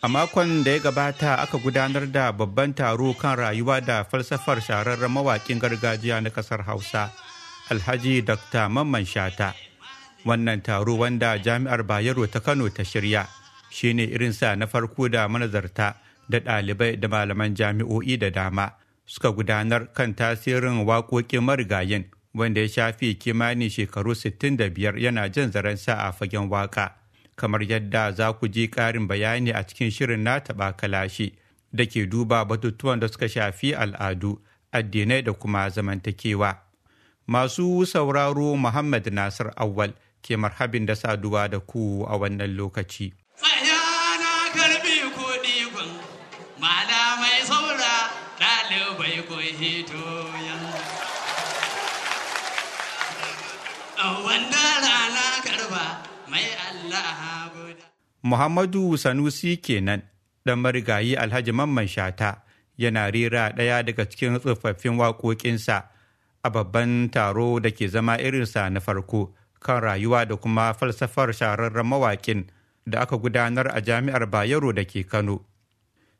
A makon da ya gabata aka gudanar da babban taro kan rayuwa da falsafar shararren mawaƙin gargajiya na ƙasar Hausa, Alhaji Dr. Mamman Shata. Wannan taro wanda Jami'ar Bayero ta Kano ta shirya shi ne irinsa na farko da manazarta da ɗalibai da malaman jami'o'i da dama suka gudanar kan tasirin waƙoƙin marigayin wanda ya shafi kimanin shekaru 65 yana jin sa a fagen waƙa. kamar yadda za ku ji ƙarin bayani a cikin shirin na taɓa kalashi da ke duba batutuwan da suka shafi al'adu addinai da kuma zamantakewa masu sauraro muhammad nasir awal ke marhabin da saduwa da ku a wannan lokaci Muhammadu Sanusi kenan ɗan marigayi Alhaji Mamman Shata yana rera ɗaya daga cikin tsofaffin waƙoƙinsa a babban taro da ke zama irinsa na farko kan rayuwa da kuma falsafar shararren mawaƙin da aka gudanar a jami'ar Bayero da ke Kano.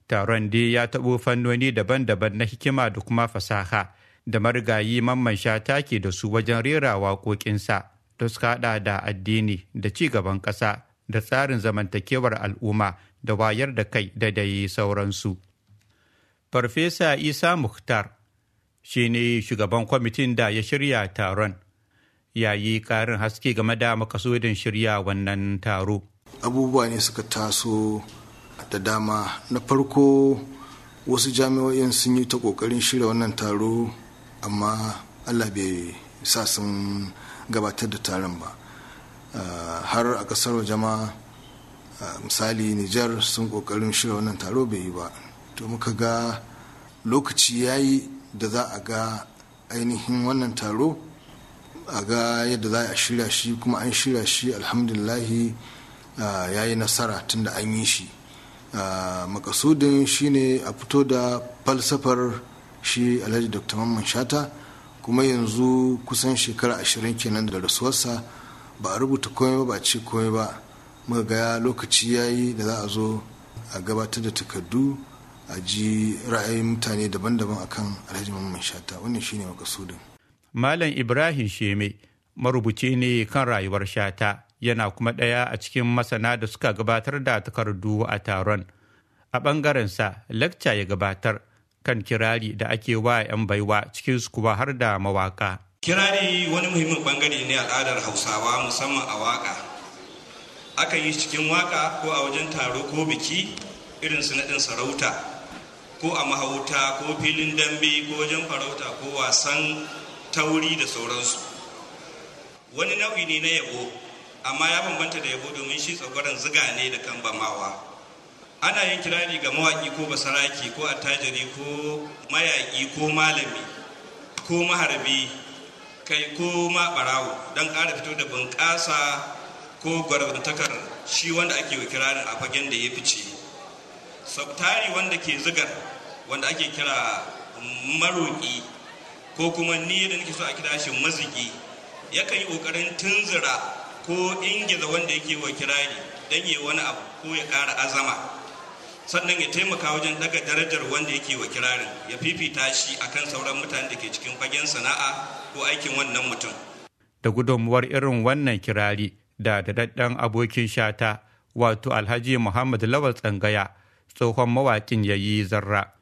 Taron dai ya taɓo fannoni daban-daban na hikima da kuma fasaha da marigayi Mamman Shata ke da su wajen rera waƙoƙinsa da suka haɗa da addini da ci gaban ƙasa da tsarin zamantakewar al'umma da wayar da kai da dai sauransu. Farfesa Isa Mukhtar shi ne shugaban kwamitin da ya shirya taron yayi karin haske game da makasudin shirya wannan taro. Abubuwa ne suka taso da dama na farko wasu jami'o'in sun yi ta ƙoƙarin shirya wannan taro amma Allah bai sa sun gabatar da taron ba. Eh, har a kasar waje ma eh, misali nijar sun kokarin shirya wannan taro bai yi ba to muka ga lokaci ya yi da za a ga ainihin wannan taro a ga yadda za a shirya shi kuma an shirya shi alhamdulillahi eh, ya yi nasara tunda an yi shi makasudin shi ne a fito da falsafar shi alhaji dr mamman shata kuma yanzu kusan shekara ashirin kenan da rasuwarsa ba a rubuta komai ba ba ce komai ba muka ga lokaci ya yi da za a zo a gabatar da takardu a ji ra'ayin mutane daban-daban akan alhaji mamman shata wannan shine makasudin malam ibrahim sheme marubuci ne kan rayuwar shata yana kuma ɗaya a cikin masana da suka gabatar da takardu a taron a ɓangarensa lacca ya gabatar kan kirari da ake wa 'yan baiwa cikin su kuma har da mawaka kirari wani muhimmin bangare ne al'adar hausawa musamman a waka akan yi cikin waka ko a wajen taro ko biki irin su naɗin sarauta ko a mahauta ko filin dambe ko wajen farauta ko wasan tauri da sauransu wani nau'i ne na yabo amma ya bambanta da yabo domin shi tsagwaron ziga ne da kan bamawa ana yin kirari ga mawaƙi ko basaraki ko attajiri ko mayaƙi ko malami ko maharbi kai ko ma barawo don ƙara fito da bunƙasa ko gwarzantakar shi wanda ake wa kirarin a fagen da ya fice sautari wanda ke zigar wanda ake kira maroƙi ko kuma ni da nake so a kira shi maziki yakan yi ƙoƙarin tunzura ko ingiza wanda yake wa kirari don yi wani abu ko ya ƙara azama sannan ya taimaka wajen daga darajar wanda yake wa kirarin ya fifita shi akan sauran mutane da ke cikin fagen sana'a ko aikin wannan mutum. Da gudunmuwar irin wannan kirari da daɗaɗɗen abokin shata wato Alhaji Muhammad Lawal Tsangaya tsohon mawaƙin ya yi zarra.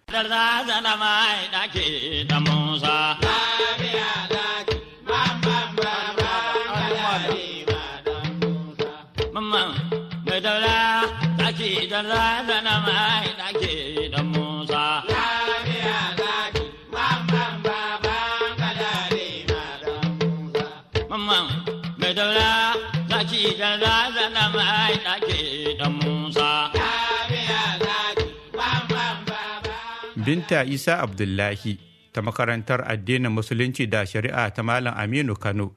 da daura da musa. Binta Isa Abdullahi ta makarantar addinin Musulunci da Shari'a ta Malam Aminu Kano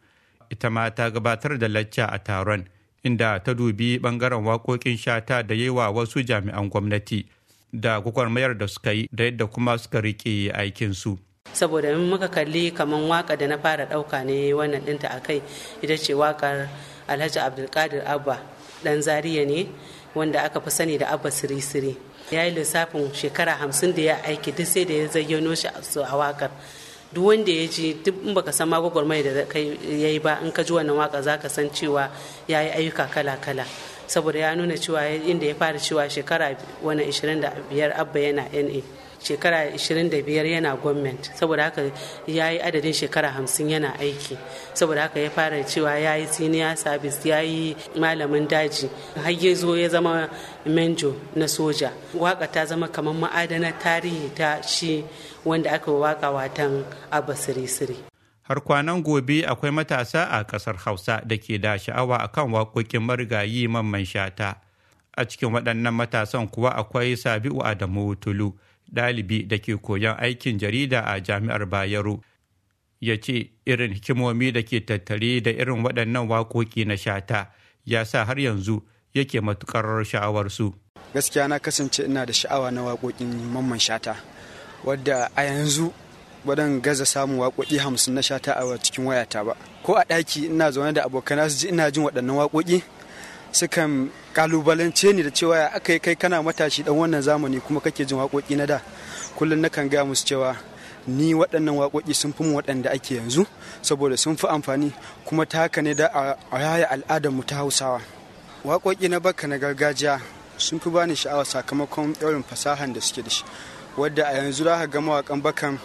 ita ma ta gabatar da lacca a taron inda ta dubi bangaren waƙoƙin shata da yawa wasu jami'an gwamnati da gwagwarmayar da suka yi da yadda kuma suka riƙe aikinsu. saboda in muka kalli kamar waka da na fara ɗauka ne wannan dinta a kai ita ce wakar alhaji abdulkadir abba dan zariya ne wanda aka fi sani da abba siri-siri ya yi lissafin shekara hamsin da ya aiki duk sai da ya zayyano shi a wakar duk wanda ya ji duk in baka san mai da ya yi ba in ka ji wannan waka za ka san cewa ya yi ayyuka kala-kala saboda ya nuna cewa inda ya fara cewa shekara wani 25 abba yana na shekara 25 yana gwamnati saboda haka ya yi adadin shekara hamsin yana aiki saboda haka ya fara cewa ya yi senior sabis ya yi malamin daji har ya zo ya zama menjo na soja waka ta zama kamar ma'adanar tarihi ta shi wanda aka waka watan abba siri-siri har kwanan gobe akwai matasa a ƙasar hausa da ke da sha'awa a kan waƙoƙin marigayi mamman shata a cikin waɗannan matasan kuwa akwai sabi'u adamu tulu ɗalibi da ke koyon aikin jarida a jami'ar bayero ya ce irin hikimomi da ke tattare da irin waɗannan waƙoƙi na shata ya sa har yanzu yake matuƙar sha'awarsu gaskiya na kasance ina da sha'awa na waƙoƙin mamman shata wadda a yanzu wadan gaza samun waƙoƙi hamsin na shata a cikin wayata ba ko a ɗaki ina zaune da abokana su ji ina jin waɗannan waƙoƙi sukan kalubalance ni da cewa ya aka yi kai kana matashi dan wannan zamani kuma kake jin wakoki na da kullum nakan ga musu cewa ni waɗannan wakoki sun fi mu waɗanda ake yanzu saboda sun fi amfani kuma ta haka ne da a raya al'adar mu ta hausawa waƙoƙi na baka na gargajiya sun fi bani sha'awa sakamakon irin fasahan da suke da shi wadda a yanzu za ka ga mawaƙan bakan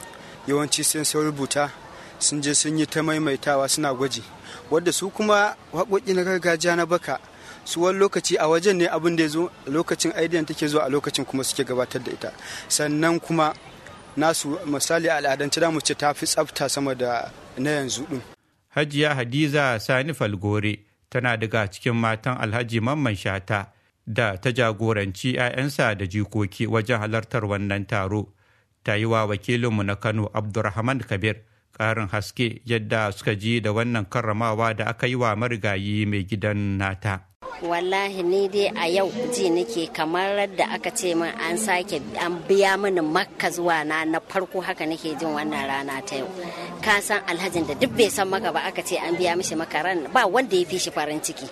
yawanci sun sai rubuta sun je sun yi ta maimaitawa suna gwaji wadda su kuma waƙoƙi na gargajiya na baka su wani lokaci a wajen ne abin da ya zo lokacin aidiyan take zuwa a lokacin kuma suke gabatar da ita sannan kuma nasu misali al'adance da mu ce ta fi tsafta sama da na yanzu din hajiya hadiza sani falgore tana daga cikin matan alhaji mamman shata da ta jagoranci 'ya'yansa da jikoki wajen halartar wannan taro ta yi wa wakilinmu na kano abdurrahman kabir karin haske yadda suka ji da wannan karramawa da aka yi wa marigayi mai gidan nata wallahi ni dai a yau ji nake kamar da aka ce min an sake an biya mini makka zuwa na na farko haka nake jin wannan rana ta yau ka san alhajin da duk bai san maka ba aka ce an biya mishi makaran ba wanda ya fi shi farin ciki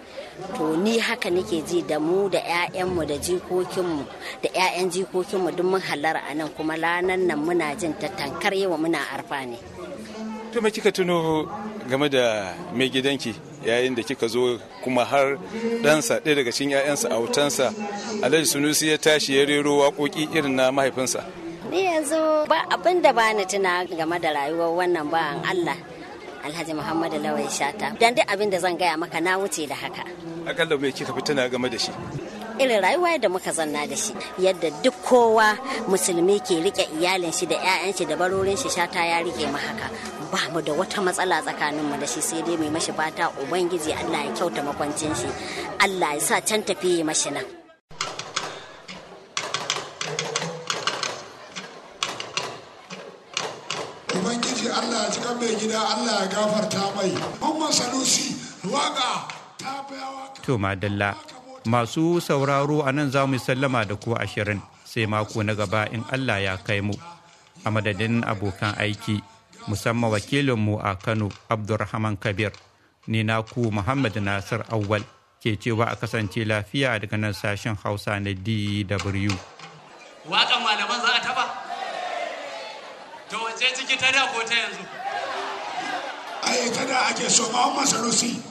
to ni haka nake ji da mu da 'ya'yanmu da jikokinmu da 'ya'yan jikokinmu duk mun halara a nan kuma lanan nan muna jin ta tankar yawa muna arfa ne to kika tuno game da mai gidanki yayin da kika zo kuma har ɗansa ɗaya daga cikin 'ya'yansa a wutansa alhaji sunusi ya tashi ya rero waƙoƙi irin na mahaifinsa Ni yanzu ba abin da ba ni tuna game da rayuwar wannan ba Allah. Alhaji Muhammadu Lawai Shata. Dan duk abin da zan gaya maka na wuce da haka. Akalla me kika fi tuna game da shi? Irin rayuwa da muka zanna da shi, yadda duk kowa musulmi ke rike iyalin shi da 'ya'yan shi da barorin shi shata ya rike mu haka. Ba mu da wata matsala tsakanin mu da shi sai dai mai mashi fata Ubangiji Allah ya kyauta makwancin shi. Allah ya sa can tafi mashi nan. ubangiji allah ya cika mai gida allah ya gafarta mai mamman sanusi waka ta bayawa to madalla masu sauraro a nan za mu sallama da ku ashirin sai mako na gaba in allah ya kai mu a madadin abokan aiki musamman wakilinmu a kano abdulrahman kabir ni naku muhammad nasir awwal ke cewa a kasance lafiya daga nan sashen hausa na dw waƙan malaman za a taba Wace ciki ta da ko ta yanzu? Ai, ta da ake so ma Muhammad Sanusi.